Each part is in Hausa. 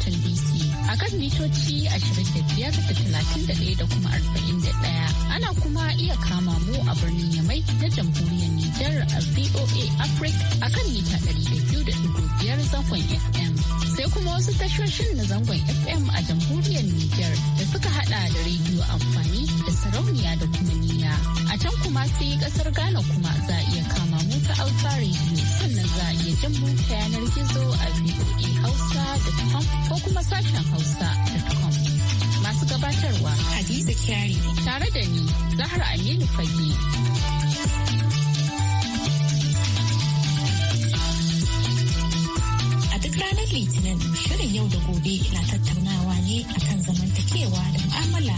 Washington DC a kan mitoci 25 da 31 da kuma 41. Ana kuma iya kama mu a birnin Yamai na jamhuriyar Nijar a VOA Africa a kan mita 200.5 zangon FM. Sai kuma wasu tashoshin na zangon FM a jamhuriyar Nijar da suka hada da rediyo amfani da sarauniya da kuma niya. A can kuma sai kasar Ghana kuma za iya jin mu ta yanar gizo a voahausa.com ko kuma sashen hausa.com. Masu gabatarwa Hadiza Kyari tare da ni Zahra Aminu Fage. A duk ranar Litinin shirin yau da gobe na tattaunawa ne akan zamantakewa da mu'amala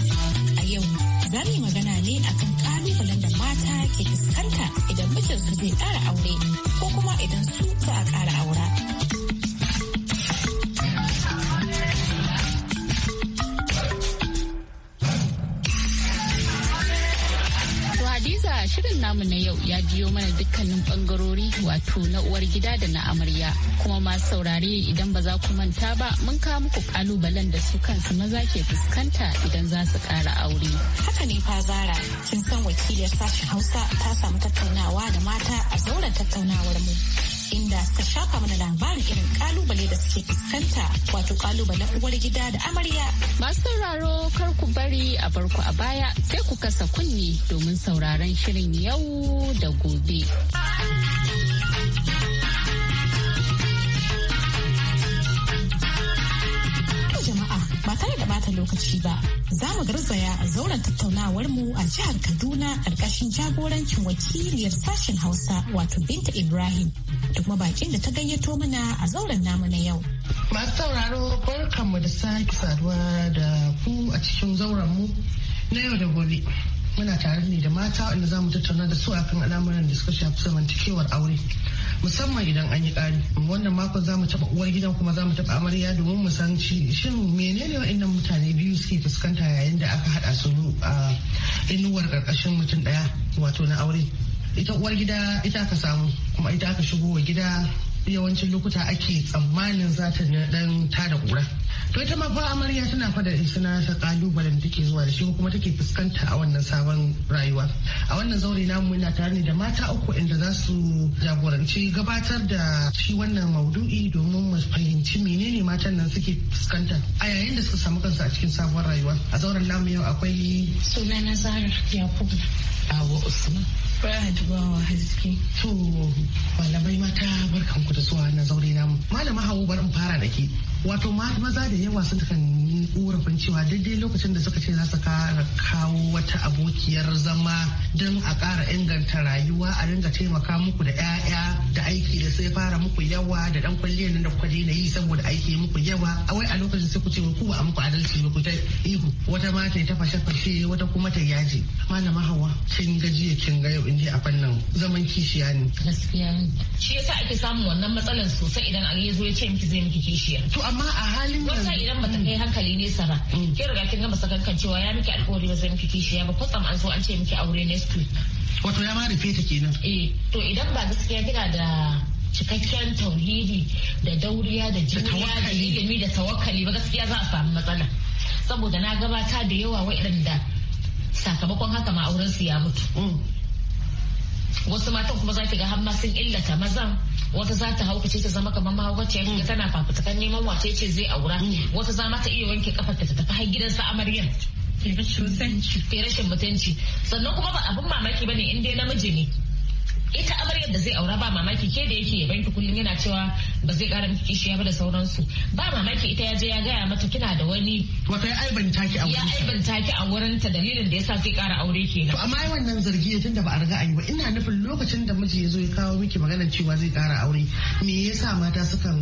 a yau. za mu magana ne akan kalubalen da mata ke fuskanta idan mijinsu zai ƙara aure ko kuma idan su za a ƙara aura. a shirin namu na yau ya jiyo mana dukkanin bangarori wato na uwar gida da na amarya kuma ma saurare idan ba za ku manta ba mun kawo muku kalubalen da su kansu maza ke fuskanta idan za su kara aure. Haka ne fa Zara kin san wakiliyar sashen Hausa ta samu tattaunawa da mata a zauren tattaunawar mu. inda suka shafa mana labarin irin kalubale da suke fuskanta wato kalubalen uwar gida da amarya. Masu sauraro kar ku bari a barku a baya sai ku kasa kunni domin sauraron shirin yau da gobe. Jama'a ba tare da bata lokaci ba. za mu garzaya zauren tattaunawar mu a jihar Kaduna karkashin jagorancin wakiliyar sashen Hausa wato Binta Ibrahim duk baƙin da ta gayyato mana a zauren namu na yau. Masu sauraro mu da sake saduwa da ku a cikin zauren mu na yau da gobe. Muna tare ne da mata wanda za mu tattauna da su akan al'amuran da suka shafi zamantakewar aure. musamman idan an yi ƙari wannan makon za mu taɓa uwar gidan kuma za mu taɓa amarya domin mu san shin menene wa'annan mutane biyu suke fuskanta yayin da aka hada su a inuwar ƙarƙashin mutum ɗaya wato na aure ita uwar gida ita aka samu kuma ita aka shigo wa gida yawancin lokuta ake tsammanin za ta dan tada kura to ita ma fa amarya tana fada suna ta kalubalen da take zuwa da shi kuma take fuskanta a wannan sabon rayuwa a wannan zaure namu muna tare ne da mata uku inda za su jagoranci gabatar da shi wannan maudu'i domin mu fahimci menene matan nan suke fuskanta a yayin da suka samu kansu a cikin sabon rayuwa a zauren namu yau akwai sunana Zahra yakubu awa usman Baya tubawa haske. To malamai mata barkanku da zuwa na zaure na Malama Hawu bari in fara da ke. wato maza da yawa sun kan yi korafin cewa daidai lokacin da suka ce za su kara kawo wata abokiyar zama don a kara inganta rayuwa a dinga taimaka muku da 'ya'ya da aiki da sai fara muku yawa da dan kwalliya nan da kuka na yi saboda aiki muku yawa a wai a lokacin sai ku ce ku ba a muku adalci ba ku ta ihu wata ma ta ta fashe fashe wata kuma ta yaji malama hawa kin ga jiya kin ga yau inda a fannin zaman kishiya ne gaskiya shi yasa ake samun wannan matsalar sosai idan a zo ya ce miki zai miki kishiya to amma a halin yanzu wannan idan bata kai hankali ne ba mm. ki riga kin ga masakan cewa ya miki alƙawari ba zai miki kishiya ba kwatsam an so an ce miki aure next week wato ya ma rufe ta kenan eh to idan ba gaskiya kina da cikakken tauhidi da dauriya da jiniya da ilimi da tawakkali ba gaskiya za a samu matsala saboda na gabata da yawa waɗanda sakamakon haka ma auren su ya mutu mm. wasu matan kuma za ki ga hamma sun illata mazan wata za ta haukace ta zama kamar mahaukaciyar mm. tana fafutukan neman wace ce zai aura wata za mata iya wanke kafar ta tafi har sa amaryan rashin mutunci rashin mutunci sannan kuma ba abin mamaki ba ne in dai namiji ne yadda zai aura ba mamaki ke da yake banki kullum yana cewa ba zai kara miki kishiya ba da sauransu ba mamaki ita ya je ya gaya mata kina da wani wata ya aibanta ki a wurin ya aibanta ki a wurin ta dalilin da yasa zai kara aure ke to amma wannan zargi tunda ba a riga ayi ba ina nufin lokacin da miji ya zo ya kawo miki maganar cewa zai kara aure me yasa mata sukan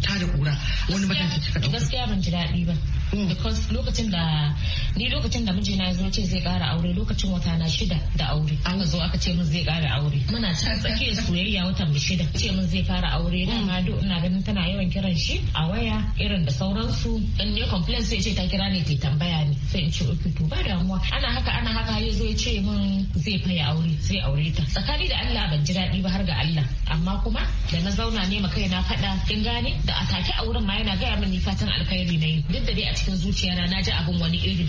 tada kura wani matakin kika gaskiya ban ji daɗi ba Mm. lokacin da ni lokacin da mijina ya zo ce zai kara aure lokacin wata na shida da aure an zo aka ce min zai kara aure muna ta tsakiyar soyayya watan mu shida ce min zai kara aure na mm. ma ina ganin tana yawan kiran shi a waya irin da sauransu in ya complaint sai ce ta kira ne ta tambaya ni sai in ce uku to ba damuwa ana haka ana haka ya zo ya ce min zai faya aure zai aure ta tsakani da Allah ban ji daɗi ba har ga Allah amma kuma da na zauna ne ma na faɗa kin gane da a take auren ma yana gaya min ni fatan alkhairi ne duk da dai a cikin zuciyana na ji abin wani iri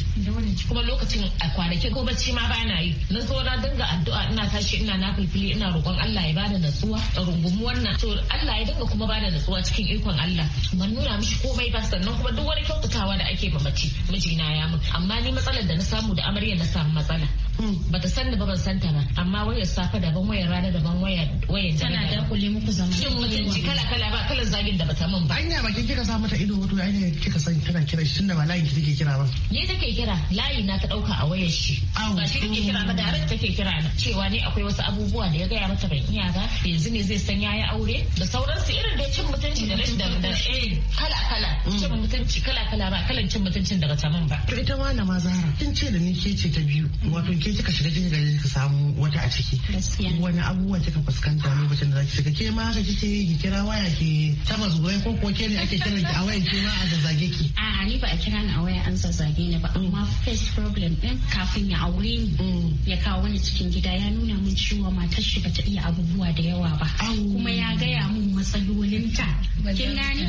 kuma lokacin a kwanaki ko bacci ma ba na yi na zo na dinga addu'a ina tashi ina na filfili ina roƙon Allah ya bada natsuwa a rungumu wannan to Allah ya dinga kuma bada natsuwa cikin ikon Allah ban nuna mishi komai ba sannan kuma duk wani kyautatawa da ake ba mace mijina ya mun amma ni matsalar da na samu da amarya na samu matsala bata san da baban ban santa ba amma wayar safa daban wayar rana daban wayar wayar tana da kulle muku zama. shin mutunci kala kala ba kalan zagin da bata mun ba anya ba kika sa mata ido wato ai ne kika san kana kiran shi da ba layin ki take kira ba ni take kira layi na ta dauka a wayar shi ba shi take kira ba da take kira na cewa ne akwai wasu abubuwa da ya gaya mata ban iya ba yanzu ne zai san yayi aure da sauransu irin da cin mutunci da rashin da eh kala kala mm. cin mutunci kala kala ba kalan cin mutuncin daga taman ba to ita ma Zara. kin ce da ni ke ce ta biyu mm. wato ke kika shiga cikin gari ka samu wata a ciki wani abubuwa kika fuskanta lokacin da zaki shiga ke ma haka kike yi ki kira waya ke ta zuwa ko ko ke ne ake kiran ki a wayan ke ma a zazage ki ni ba a kira ni a waya an zazzage ni ba amma face problem din kafin ya aure ni mm. ya kawo wani cikin gida ya nuna min cewa matar shi bata iya abubuwa da yawa ba kuma ya gaya min matsalolinta kin gani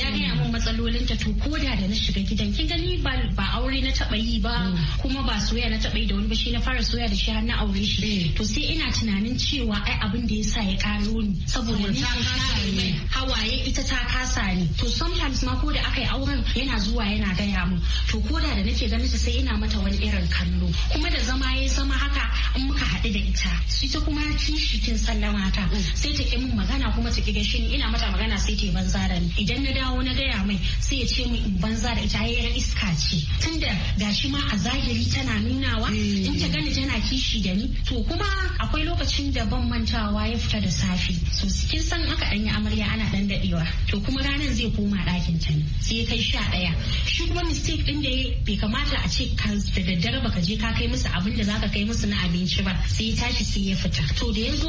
ya gaya min matsalolinta to ko da na shiga gidan kin gani ba aure na taba yi ba mm. kuma ba soya na taba yi da wani ba shi na fara soya da shi har na aure shi eh. to sai ina tunanin cewa ai abin da yasa ya karo ni saboda ni hawaye ita ta kasa ni to sometimes ma ko da aka yi auren yana zuwa yana gaya mu to ko da da nake ganin sai ina mata wani irin kallo kuma da zama ya zama haka in muka haɗu da ita ta kuma kishi kin sallama ta sai ta ki min magana kuma ta ki shi ni ina mata magana sai ta yi banza da ni idan na dawo na gaya mai sai ya ce min in banza da ita yayin iska ce tunda gashi ma a zahiri tana nunawa eh. in ta gani tana kishi da ni to kuma akwai lokacin da ban mantawa ya fita da safe so kin san aka yi amarya ana dan dadewa to kuma ranar zai koma dakin ta ne sai kai sha ɗaya shi kuma mistake din da bai kamata a ce ka da daddare baka je ka kai musu abin da zaka kai musu na abinci ba sai ya tashi sai ya fita to da ya zo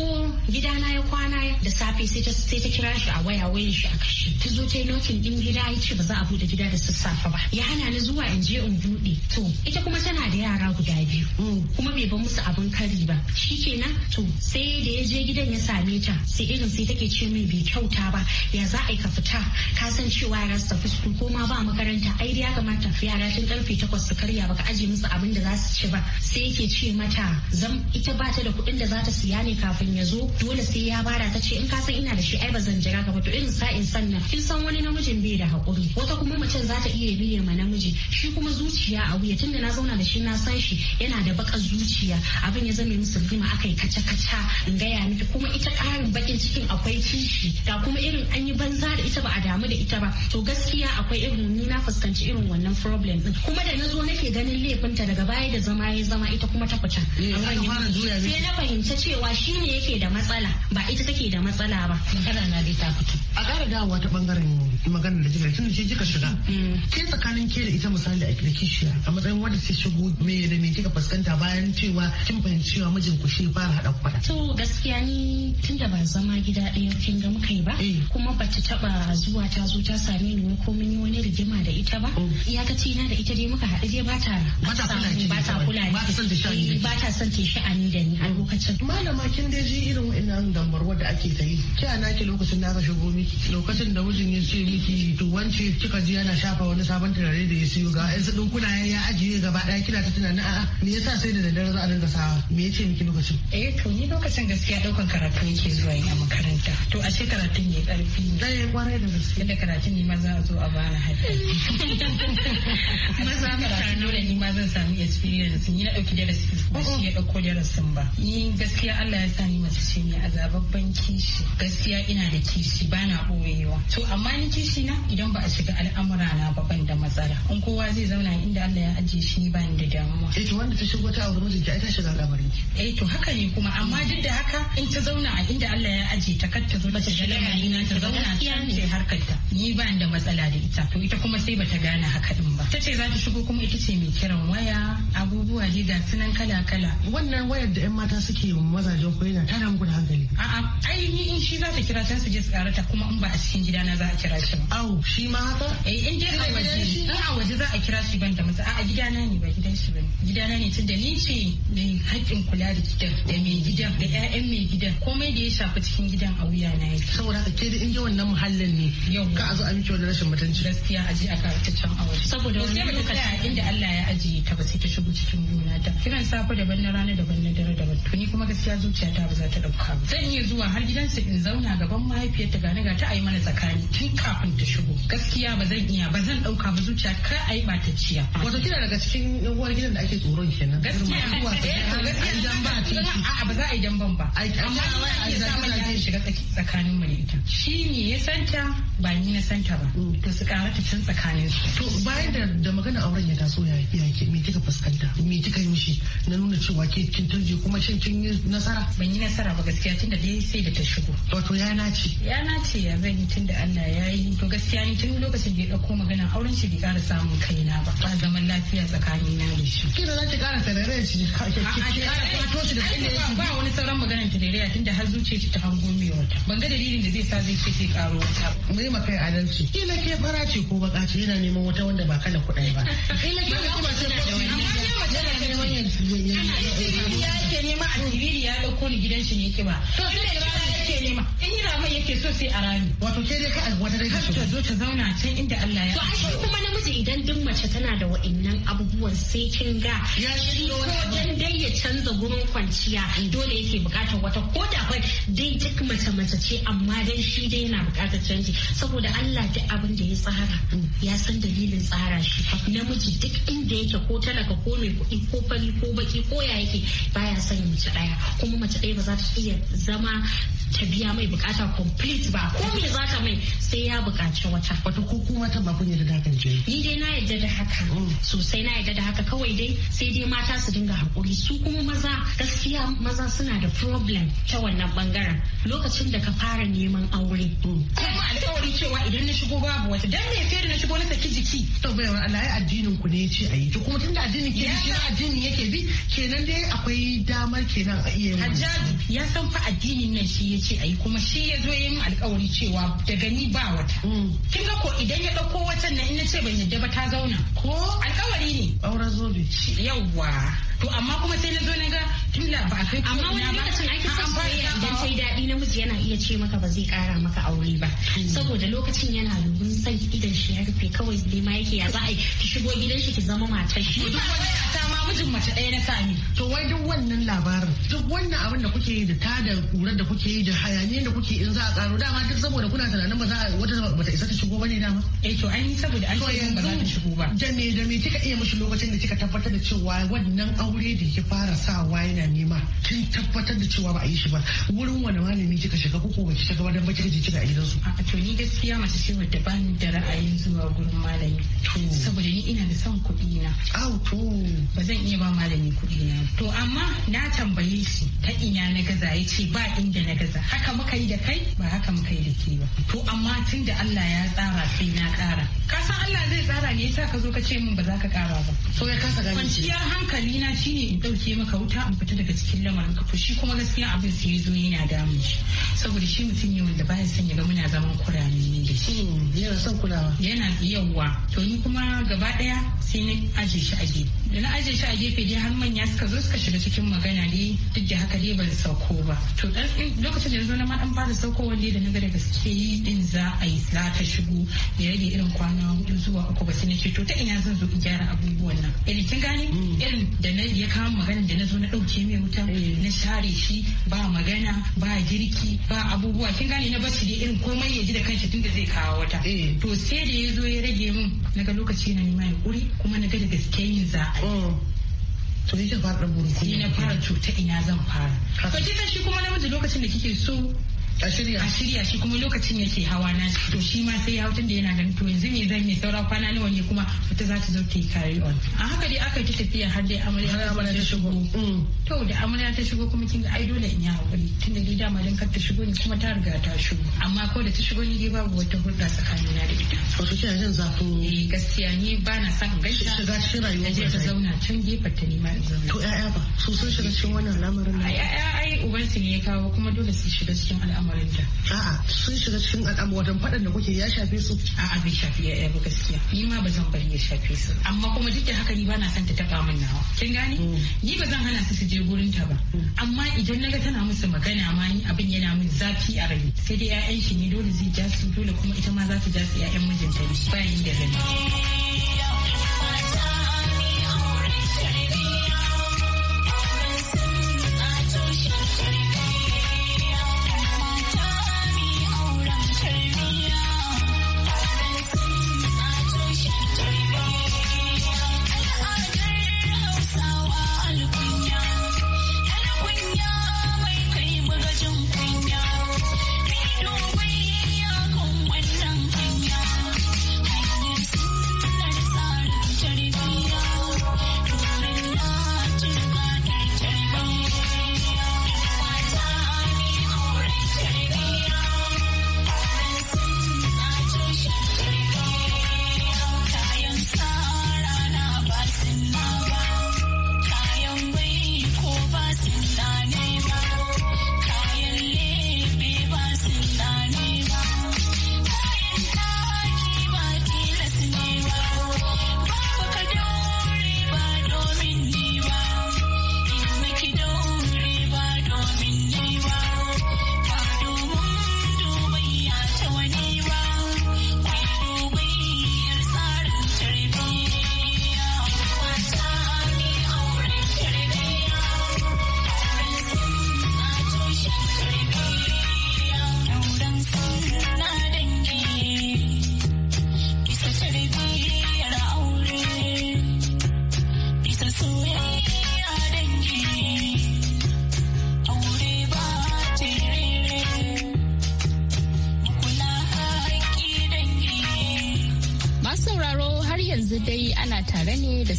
gidana ya kwana da safe sai ta sai ta kira shi a waya wayan shi a kashe ta zo ta yi nokin din gida ya ce ba za a bude gida da sassafe ba ya hana ni zuwa in je in bude to ita kuma tana da yara guda biyu kuma bai ba musu abin kari ba Shi kenan to sai da ya je gidan ya same ta sai irin sai take ce min bai kyauta ba ya za a yi ka fita ka san cewa ya su tafi ko ma ba makaranta ai ya kamata yara tun karfe takwas su karya baka ajiye musu abin da za su ci ba sai yake ce mata zam ita ba ta da kuɗin da za ta siya ne kafin ya zo dole sai ya bara ta ce in ka san ina da shi ai ba zan jira ka ba to irin sa'in sannan kin san wani namijin bai da haƙuri wata kuma macen za ta iya biye ma namiji shi kuma zuciya a wuya tunda na zauna da shi na san shi yana da bakar zuciya abin ya zame musu rima akai kaca kaca in gaya miki kuma ita ƙarin bakin cikin akwai kishi ga kuma irin an yi banza da ita ba a damu da ita ba to gaskiya akwai irin ni na fuskanci fuskanci irin wannan problem din kuma da nazo nake ganin laifinta daga baya da zama ya zama ita kuma ta fita eh, sai na fahimta cewa shi ne yake da matsala ba ita take da matsala ba magana na dai ta fito a ƙara dawowa ta bangaren magana da jika tun shi kika shiga mm. ke tsakanin ke da ita misali a kishiya a matsayin wanda sai shigo me da me kika fuskanta bayan cewa kin fahimci cewa mijin ku shi ba hada kwaɗa. to gaskiya ni tun da ban zama gida ɗaya kin ga muka yi ba eh. kuma bata taba zuwa ta zo ta same ni ko mun yi wani rigima da ita ba ce na da ita dai muka haɗu dai ba ta ba ta kula ni ba ta kula ba ta son ta sha'ani ba ta son ta sha'ani da ni a lokacin malama kin dai ji irin wa'annan damarwar da ake ta yi kya na ki lokacin na aka shigo miki lokacin da mijin ya ce miki to wance kika ji yana shafa wani sabon turare da ya siyo ga yan su dinkuna ya ajiye gaba ɗaya kina ta tunanin a'a me yasa sai da daddare za a dinga sawa me yace miki lokacin eh to ni lokacin gaskiya ɗaukan karatu yake zuwa yi a makaranta to a ashe karatun ya karfi eh kwarai da gaske Yadda karatun ne ma za a zo a bani hajji maza mutane da ni ma zan samu experience ni na dauki darasi ba shi ya dauko darasin ba ni gaskiya Allah ya sa ni mace ce mai azababban kishi gaskiya ina da kishi ba na boyewa to amma ni kishi na idan ba a shiga al'amura na ba ban da matsala in kowa zai zauna inda Allah ya ajiye shi ba ni da damuwa eh to wanda ta shigo ta aure mijinki ai ta shiga al'amarin ki eh to haka ne kuma amma duk da haka in ta zauna a inda Allah ya ajiye ta kar ta zo ta shiga ta zauna ta harkar ta ni ba ni da matsala da ita to ita kuma sai ba Ta gane haka din ba ce za ta shigo kuma ita ce mai kiran waya abubuwa dai ga sunan kala kala wannan wayar da yan mata suke mazajen ko yana tana muku da hankali a'a ai ni in shi za ta kira ta su je su karata kuma in ba a cikin gida na za a kira shi ba au shi ma haka eh in je a waje in a waje za a kira shi ban da masa a'a gida na ne ba gidan shi bane gida na ne tunda ni ce mai haƙƙin kula da gidan da mai gidan da ƴaƴan mai gidan komai da ya shafi cikin gidan a wuya na yake saboda haka ke da in ji wannan muhallin ne ka a zo a miki wani rashin mutunci gaskiya a je a kawo. tsaftacen aure saboda wani lokaci inda Allah ya ajiye ta ba sai ta shigo cikin gona ta kiran safe daban na rana daban na dare daban to ni kuma gaskiya zuciyata ba za ta dauka ba zan iya zuwa har gidansa in zauna gaban mahaifiyarta ga ni ga ta ayi mana tsakani tun kafin ta shigo gaskiya ba zan iya ba zan dauka ba zuciya ka ayi ba ta ciya wato kina daga cikin yan uwar gidan da ake tsoron kenan gaskiya gaskiya dan ba ta ba za a yi dan ban ba amma a yi sa mai shiga tsakanin mu ne ita shi ne ya santa ba ni na santa ba mm. to su karata can tsakanin to bayan da da magana auren ya taso ya ke me kika fuskanta me kika yi mishi na nuna cewa ke kin turje kuma shin kin yi nasara ban yi nasara ba gaskiya tunda dai sai da ta shigo wato ya nace ya nace ya zan tunda Allah ya gaskiya ni tun lokacin da ya ɗauko magana auren shi bai ƙara samun kaina ba ba zaman lafiya tsakanin na da shi. Kira za ki ƙara tarare shi. A ƙara shi da inda ya Ba wani sauran maganar tarare tun da har zuciya ta hango mai wata. Ban ga dalilin da zai sa zai ce sai ƙaro wata. Mai makai adalci. Kila ke fara ce ko baka ce yana neman wata wanda ba kala kuɗai ba. Kila ke fara ce ko yana neman ya ke nema a tibiri ya ɗauko ni gidan shi ne ke ba. To sai da yake nema. In yana mai yake so sai a rami. Wato ke dai ka wata dai ka ta zo ta zauna can inda Allah ya. To ashe kuma namiji idan duk mace tana da wa'innan abubuwan sai kin ga shi ko dan dai ya canza gurin kwanciya mm. dole yake bukatar wata ko da bai dai duk mace mace ce amma dan shi dai yana bukatar canji saboda Allah duk abin da ya tsara mm. ya san dalilin tsara shi namiji duk inda yake ko talaka ko mai kuɗi ko fari ko baki ko ya yake baya son mace ɗaya kuma mace ɗaya ba za ta iya zama ta biya mai bukata complete ba ko me za ta mai sai ya bukata wata wato ko kuma ta ba kunya da kan jini ni dai na yarda da haka sosai na yarda da haka kawai dai sai dai mata su dinga hakuri su kuma maza gaskiya maza suna da problem ta wannan bangaren lokacin da ka fara neman aure hmm. kuma alkawari cewa idan na shigo babu wata dan me fere na shigo na saki jiki to bai Allah ya addinin ku ne ce ayi to kuma tunda addinin ke shi addinin yake bi kenan dai akwai damar kenan a iya Hajjaji ya san fa addinin nan shi ya ce ayi kuma shi ya zo ya yin alkawari cewa daga ni ba wata hmm. kin ga ko idan ya dauko wacan nan in na ce ban yadda ba ta zauna ko alkawari ne aure zobe yawwa to amma kuma sai na zo na ga tun ba a kai amma wani lokacin ake son soyayya idan sai daɗi namiji yana iya ce maka ba zai kara maka aure ba hmm. saboda lokacin yana lubun san idan shi ya rufe kawai ne ma yake ya za yi ki shigo gidan shi ki zama matar shi duk wani ta ma mijin mace ɗaya na sami to wai duk wannan labarin duk wannan abin da kuke yi da tada da kurar da kuke yi da hayaniyar da kuke in za a ƙaro dama duk saboda kuna tunanin ba za a wata bata isa ta shigo bane dama eh to an yi saboda an ce ba za ta shigo ba da me da me kika iya mishi lokacin da kika tabbatar da cewa wannan aure da ki fara sa wa yana nema kin tabbatar da cewa ba a yi shi ba wurin wani malami kika shiga ko ko kika shiga wadan ba kika je kika a gidansu a to ni gaskiya mace ce wadda ba ni da ra'ayin zuwa gurin malami saboda ni ina da son kuɗi na au to ba zan iya ba malami kuɗi na to amma na tambaye shi ta ina na gaza yace ba inda na gaza haka muka yi da kai ba haka muka yi da ke ba to amma tun da Allah Allah ya tsara sai na kara. ka san Allah zai tsara ne yasa ka zo ka ce min ba za ka kara ba so ya kasa gani kwanciyar hankali na shine in dauke maka wuta in fita daga cikin lamarin ka shi kuma gaskiya abin sai zo yana damun shi saboda shi mutum ne wanda baya son ya ga muna zaman kurame ne da shi hmm, yana son kulawa yana yawa to ni kuma gaba ɗaya sai na aje shi a gefe da na aje shi a gefe dai har manya suka zo suka shiga cikin magana dai duk da haka dai ban sauko ba to ɗan lokacin da zo na ma ɗan fara sauko wanda da na ga da gaske yi din za a yi za za ta shigo ya rage irin kwana hudu zuwa uku ba sai na ce to ta ina zan zo in gyara abubuwan nan irin eh, kin mm. irin da na ya kawo magana da na zo na dauke mai wuta eh. na share shi ba magana ba girki ba abubuwa kin gane na bashi da irin komai ya ji da kanshi tunda zai kawo wata eh. to sai da ya zo ya rage min naga lokaci na nima ya kuri kuma naga da gaske yin za oh. to sai ta fara burkuni na fara cuta ina zan fara to ta shi kuma namiji lokacin da kike so a shirya a shirya shi kuma lokacin yake hawa na shi to shi ma sai ya hutun da yana ganin to yanzu me zan yi saura kwana nawa ne kuma wata za ta zo ta yi carry on a haka dai aka yi tafiya har dai amarya ta shigo mm. to da amarya ta shigo kuma kin ga ai dole in yi hakuri tun da dai dama dan kar ta shigo ni kuma ta riga ta shigo amma ko da ta shigo ni dai babu wata hulɗa na da ita wato kina jin zafin eh gaskiya ni ba na son gaisha shiga cikin rayuwar ta ta zauna can gefen ta nima in zauna to ƴaƴa ba su sun shiga cikin wannan lamarin ai ai ubansu ne ya kawo kuma dole su shiga cikin al'amari al'amarinta. A'a sun shiga cikin al'amuran faɗan da kuke ya shafe su? A'a bai shafi ya ba gaskiya. Ni ma ba zan bari ya shafe su. Amma kuma duk da haka ni ba na son ta taba min nawa. Kin gane? Mm. Ni ba zan hana su su je gurin ta ba. Mm. Amma idan naga tana musu magana ma ni abin yana min zafi a rai. Sai dai 'ya'yan shi ne dole zai ja su dole kuma ita ma za ta ja su 'ya'yan mijinta ne. Bayan da zan.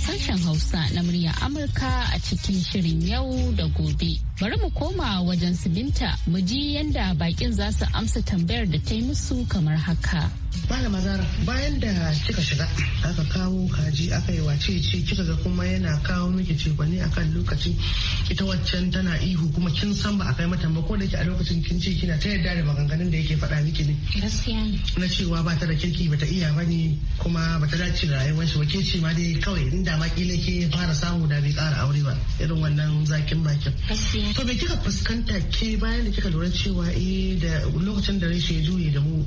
sashen Hausa na murya Amurka a cikin shirin yau da gobe. bari mu koma wajen su binta mu ji yadda bakin za su amsa tambayar da ta yi musu kamar haka. Bala Zara bayan da kika shiga aka kawo kaji aka yi wace ce kika ga kuma yana kawo miki cefane akan lokaci ita waccan tana ihu kuma kin san ba a kai mata ba ko da ke a lokacin kin ce kina ta yarda da maganganun da yake faɗa miki ne. Gaskiya Na cewa ba ta da kirki ba ta iya ba ne kuma ba ta dace da rayuwar shi ba ke ce ma dai kawai inda ma kila ke fara samu da bai ƙara aure ba irin wannan zakin bakin. Gaskiya To me kika fuskanta ke bayan da kika lura cewa eh da lokacin da rashin ya juye da mu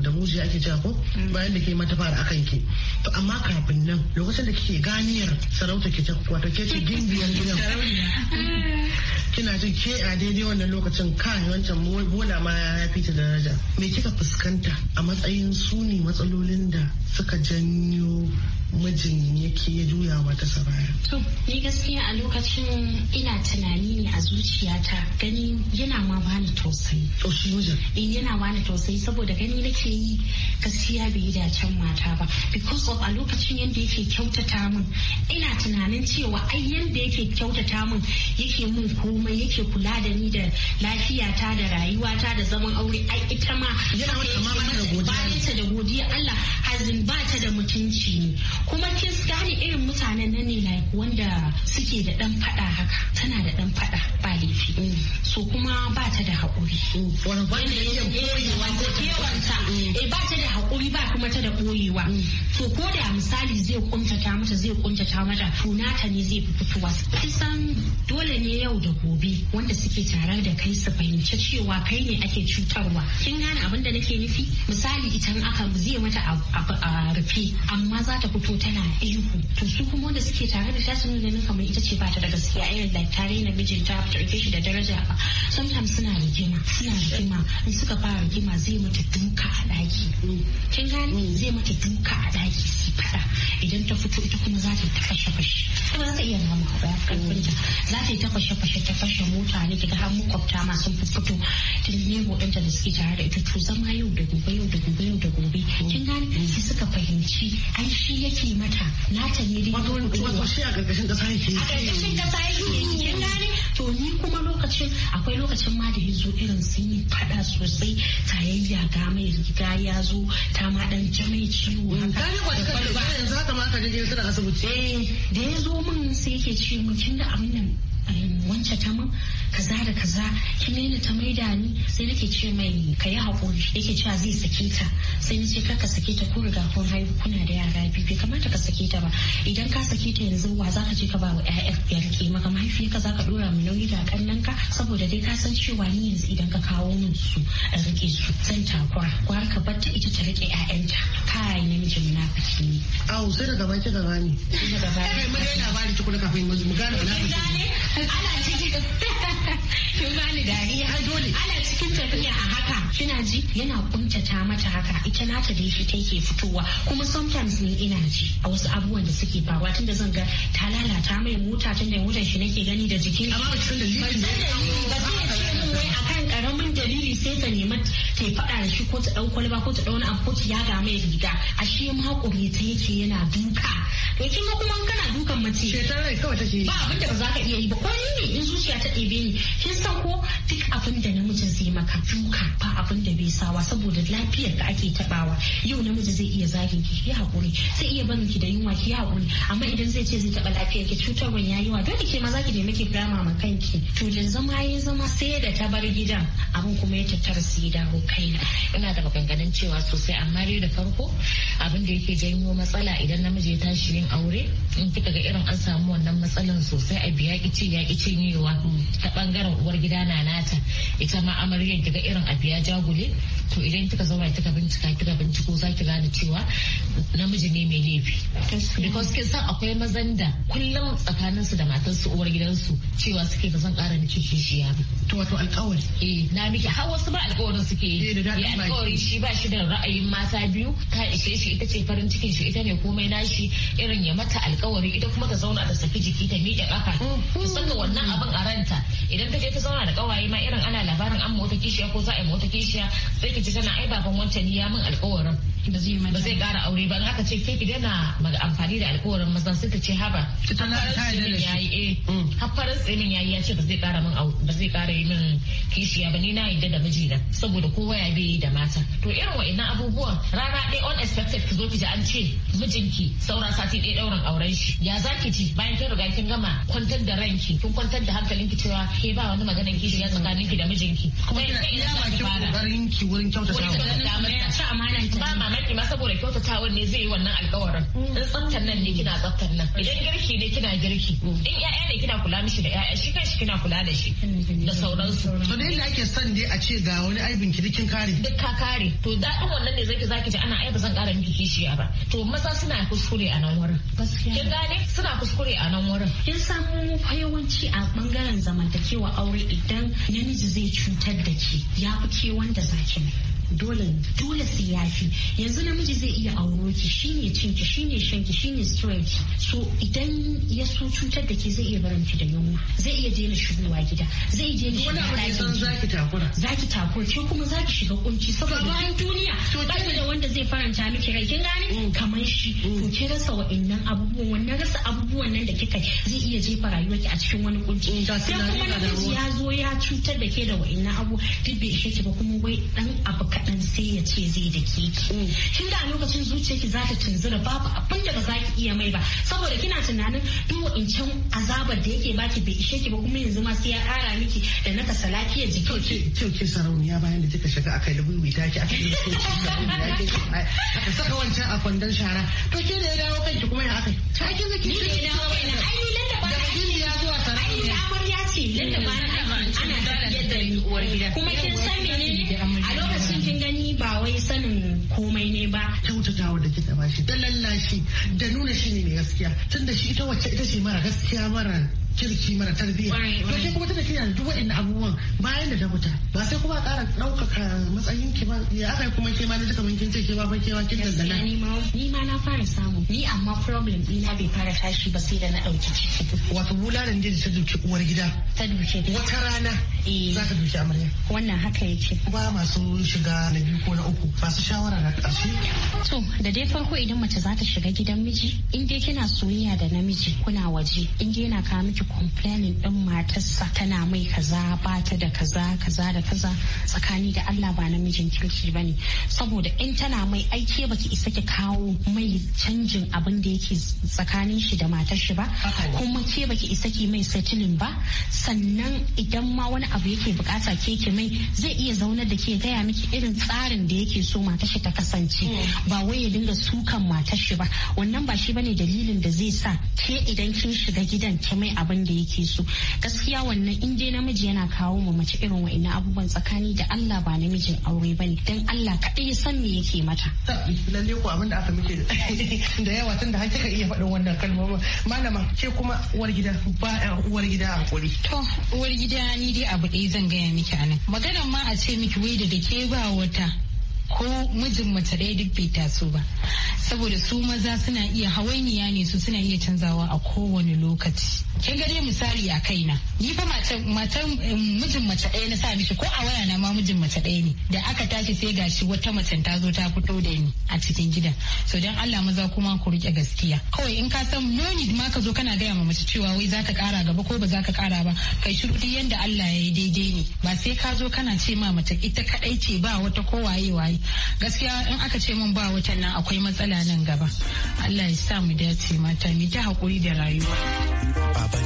da muji ake jago. Mm. bayan da ke mata fara akan ke To amma kafin nan lokacin da kike ganiyar sarauta ke ta kwata ke ce gimbiyan gidan. Kina jin ke a daidai wannan lokacin ka wancan bola ma ya fi ta daraja. Me kika fuskanta a matsayin su ne matsalolin da suka janyo mijin yake ya juya mata sabaya. To ni gaskiya a lokacin ina tunani ne a zuciyata gani yana ma bani tausayi in eh, yana bani tausayi saboda gani nake yi gaskiya bai yi can mata ba because of a lokacin yadda yake kyautata min ina tunanin cewa ai yadda yake kyautata min yake mun komai yake kula da ni da lafiyata da rayuwata da zaman aure ai ita ma yana da godiya da godiya Allah hazin ba da mutunci ne kuma kin gane irin mutanen nan ne like wanda suke da dan fada haka tana da dan fada ba laifi mm. so kuma ba ta da hakuri. Mm. wanda yake boyewa ko kewanta mm. eh ba ta da hakuri ba kuma ta da boyewa to ko da misali zai kuntata mata zai kuntata mata tunata ne zai fi fitowa san dole ne yau da gobe wanda suke tare da kai su fahimci cewa kai ne ake cutarwa kin gane abun da nake nufi misali idan aka zai mata a laifi amma za ta fito tana ihu to su kuma wanda suke tare da ta da ganin kamar ita ce ba ta da gaskiya irin da tare na mijinta ta ta shi da daraja ba sometimes suna rigima suna rigima in suka fara rigima zai mata duka a daki kin gani zai mata duka a daki su fara idan ta fito ita kuma za ta ta fashe fashe kuma za ta iya nama a baya za ta yi ta fashe fashe ta fashe mota ne kiga har makwabta masu fito tun lebo ɗan da suke tare da ita to zama yau da gobe yau da gobe yau da gobe kin gane sai suka fahimci ai shi yake mata ta ne dai wato wato shi a ƙarƙashin ƙasa yake a ƙarƙashin ƙasa yake kin gane to ni kuma lokacin akwai lokacin ma da ya zo irin sun yi faɗa sosai tayayya ga mai riga ya zo ta ma ɗan jami ciwo haka da yanzu haka ma ka je suna asibiti eh da ya zo min sai yake ce mu kin da abin nan wancan ta min kaza da kaza kin ne ta maida ni sai nake ce mai ka yi hakuri yake cewa zai sake ta sai nace kar ka sake ta ko riga kun haihu kuna da yara biyu bai kamata ka sake ta ba idan ka sake ta yanzu wa zaka je ka ba wa ƴaƴan ya rike maka mahaifiyarka zaka dora mu nauyi da kannan ka saboda dai ka san cewa ni yanzu idan ka kawo min su a rike su zan takura gwar ka bar ta ita ta rike ƴaƴanta kai namiji munafiki ne au sai daga baki gaba ne daga baki mu dai labari tukuna kafin mu gane munafiki ana ciki kin bani dariya har dole ana cikin tafiya a haka kina ji yana kuntata mata haka ita nata da ta take fitowa kuma sometimes ina ji a wasu abubuwan da suke faruwa tunda zan ga ta lalata mai mota tunda motar shi nake gani da jikin amma ba cikin ba ce wai karamin dalili sai ta nemi ta faɗa da shi ko ta ɗau kwalba ko ta ɗau wani abu ta yaga mai riga a shi ma ta yake yana duka to kin ga kuma kana dukan mace shekarar kawai take ba abin da ba za ka iya yi ba ko ni ne in zuciya ta ɗebe ni kin sako ko duk abin da namiji zai maka duka ba abin da bai sawa saboda lafiyar da ake tabawa yau namiji zai iya zagin ki ki hakuri sai iya barin ki da yunwa ki hakuri amma idan zai ce zai taba lafiyar ki cutarwan yayi wa dole ke ma zaki nemi ki firama ma kanki to da zama ya zama sai da ta bar gidan abin kuma ya tattara su ya kai kaina ina da maganganun cewa sosai amma dai da farko abin da yake janyo matsala idan namiji ya tashi yin aure in kika ga irin an samu wannan matsalan sosai a biya ki ce ya ki ce ta bangaren uwa uwar gida na nata ita ma amaryan kiga irin abu ya jagule to idan kika zauna kika bincika kika binciko za ki gane cewa namiji ne mai laifi because kin san akwai mazan da kullum tsakanin su da matar su uwar gidansu cewa suke ba zan kara miki kishiya ba to wato alƙawari eh na miki har wasu ba alƙawarin suke yi eh, ya alƙawari shi ba shi da ra'ayin mata biyu ta ishe shi ita ce farin cikin shi ita ne komai nashi irin ya mata alƙawari ita kuma ta zauna ta saki jiki ta miƙe ƙafa ta saka wannan abin a ranta idan ta je ta zauna da kawaye ma irin ana labarin an mota kishiya ko za a yi mota kishiya sai ki ji tana ai baban wancan ya min alkawarin ba zai kara aure ba in aka ce ke ki dana amfani da alkawarin maza sai ta ce haba hafarin eh, mm. tsimin yayi ya ce ba zai kara min ba zai kara yi min kishiya ba ni na yi da da saboda kowa ya bai yi da mata to irin wa'annan abubuwan rana ɗaya unexpected ki zo ki ji an ce mijinki saura sati ɗaya ɗaurin auren shi ya za ki ji bayan kin riga kin gama kwantar da ranki kin kwantar da ki cewa ke ba wani magana ki shiga tsakaninki da mijinki kuma ina ina ba ki kokarin ki wurin kyautata ba mamaki ma saboda kyautatawa ne zai yi wannan alƙawarin mm. in tsaftar nan ne kina tsaftar nan idan girki ne kina girki mm. in ƴaƴa ne kina kula mishi da ƴaƴa shi kanshi kina kula da shi da sauransu to da yadda ake son dai a ce ga wani aibin ki kin kare duk ka kare to daɗin wannan ne zaki zaki ji ana aiba zan kara miki kishiya ba to maza suna kuskure a nan wurin kin gane suna kuskure a nan wurin kin samu yawanci a bangaren zamantakewa aure idan namiji zai cutar da ke ya fi ke wanda zaki mai dole dole su yafi yanzu namiji zai iya auro ki shine cin ki shine shan ki shine stress so idan ya so cutar da ke zai iya barin ki da yunwa zai iya daina shigowa gida zai iya daina shigowa ɗakin zaki takura zaki takura ke kuma zaki shiga kunci saboda bayan duniya ba da wanda zai faranta miki rai kin gane mm. kamar shi mm. to ki rasa wa'annan abubuwan wannan rasa abubuwan nan da kika zai iya jefa rayuwarki a cikin wani kunci sai mm, kuma namiji ya zo ya cutar da ke da wa'annan abu duk bai ishe ki ba kuma wai dan abu ka kaɗan sai ya ce zai da ke kin mm. da lokacin zuciyarki za ta tunzura babu abin da ba za ki iya mai ba saboda kina tunanin in can azabar da yake baki bai ishe ki ba kuma yanzu ma sai ya ƙara miki da na kasa lafiyar jiki. Kyau ke sarauniya bayan da kika shiga aka yi lubulwi ta ki aka yi aka saka wancan a kwandon shara to ke da ya dawo kanki kuma ya aka yi. Ta kin zaki ki da dawo kaina ai ni lallaba da gini ya zuwa sarauniya. Ai amarya ce lallaba ana da yadda uwar gida. Kuma kin san menene a lokacin ki kin gani ba wai sanin komai ne ba kyautatawa da kika shi da lallashi da nuna shi ne mai gaskiya tunda shi ita wacce ita ce mara gaskiya mara kirki mara tarbiyya to ke kuma tana kiyaye duk waɗannan abubuwan bayan da ta wuta ba sai kuma ƙara ɗaukaka matsayin ki ba ya aka kuma ke ma ne duka mun kince ke ba ba ke ma kin dandana ni ma ni ma na fara samu ni amma problem ɗina bai fara tashi ba sai da na ɗauki ciki wato bularan din ta duki uwar gida ta duke wata rana eh. za ka duki amarya wannan haka yake ba masu shiga na biyu ko na uku ba su shawara na ƙarshe to da dai farko idan mace za ta shiga gidan miji in dai kina soyayya da namiji kuna waje in dai yana kawo miki ji complaining din matarsa tana mai kaza bata da kaza kaza da kaza tsakani da Allah ba namijin kirki ba ne saboda in tana mai aike baki isa ki kawo mai canjin abin da yake tsakanin shi da matar shi ba kuma ke baki isa ki mai settling ba sannan idan ma wani abu yake bukata ke ki mai zai iya zaunar da ke gaya miki irin tsarin da yake so matar shi ta kasance mm. ba wai ya dinga sukan matar shi ba wannan ba shi bane dalilin da zai sa ke idan kin shiga gidan ki mai abin abin da yake so gaskiya wannan in dai namiji yana kawo ma mace irin wa'annan abubuwan tsakani da Allah ba namijin aure bane dan Allah kaɗai ya san me yake mata lalle ko abin da aka muke da yawa tunda har kika iya faɗin wannan kalmomin malama ce kuma uwar gida ba uwar gida to uwar gida ni dai abu ɗaya zan gaya miki anan maganar ma a ce miki wai da ke ba wata ko mijin mace ɗaya duk bai taso ba saboda su maza suna iya hawainiya ne su suna iya canzawa a kowane lokaci kin gare misali a kaina ni fa matar mijin mace ɗaya na sa mishi ko a waya na ma mijin mace ɗaya ne da aka tashi sai gashi wata mace ta zo ta fito da ni a cikin gida. so dan Allah maza kuma ku rike gaskiya kawai in ka san noni ma ka zo kana gaya ma mace cewa wai zaka kara gaba ko ba zaka kara ba kai shiru yanda Allah ya yi daidai ne ba sai ka zo kana ce ma mace ita kadai ce ba wata ko waye waye gaskiya in aka ce mun ba watan nan akwai matsala nan gaba Allah ya sa mu dace mata mu ta hakuri da rayuwa baban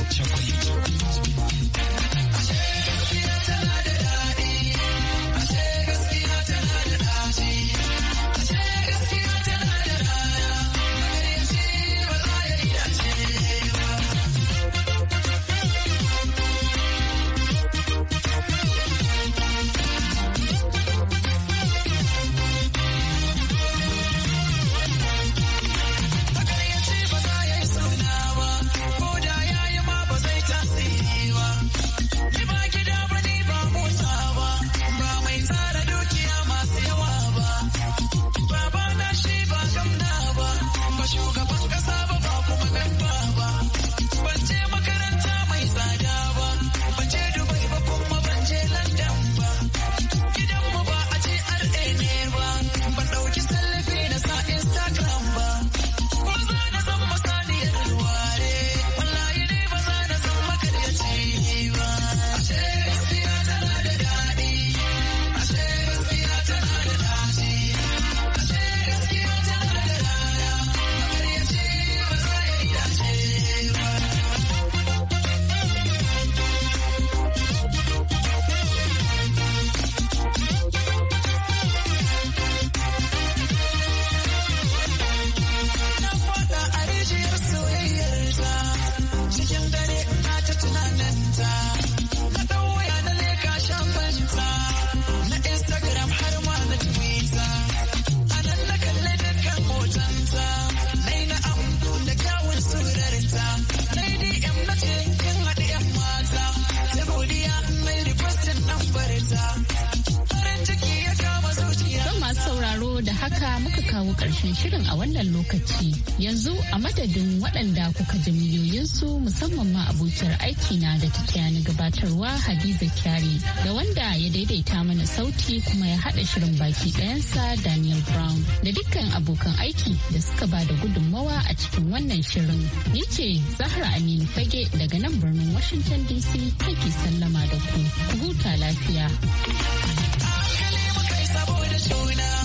muka kawo ƙarshen shirin a wannan lokaci. Yanzu a madadin waɗanda kuka ji miliyoyinsu musamman ma abokiyar na da ta gabatarwa Hadiza Kyari da wanda ya daidaita mana sauti kuma ya haɗa shirin baki ɗayansa Daniel Brown da dukkan abokan aiki da suka ba da gudunmawa a cikin wannan shirin. Ni ce Zahra Aminu Fage daga nan birnin Washington DC take sallama da ku. Ku huta lafiya. Oh, yeah,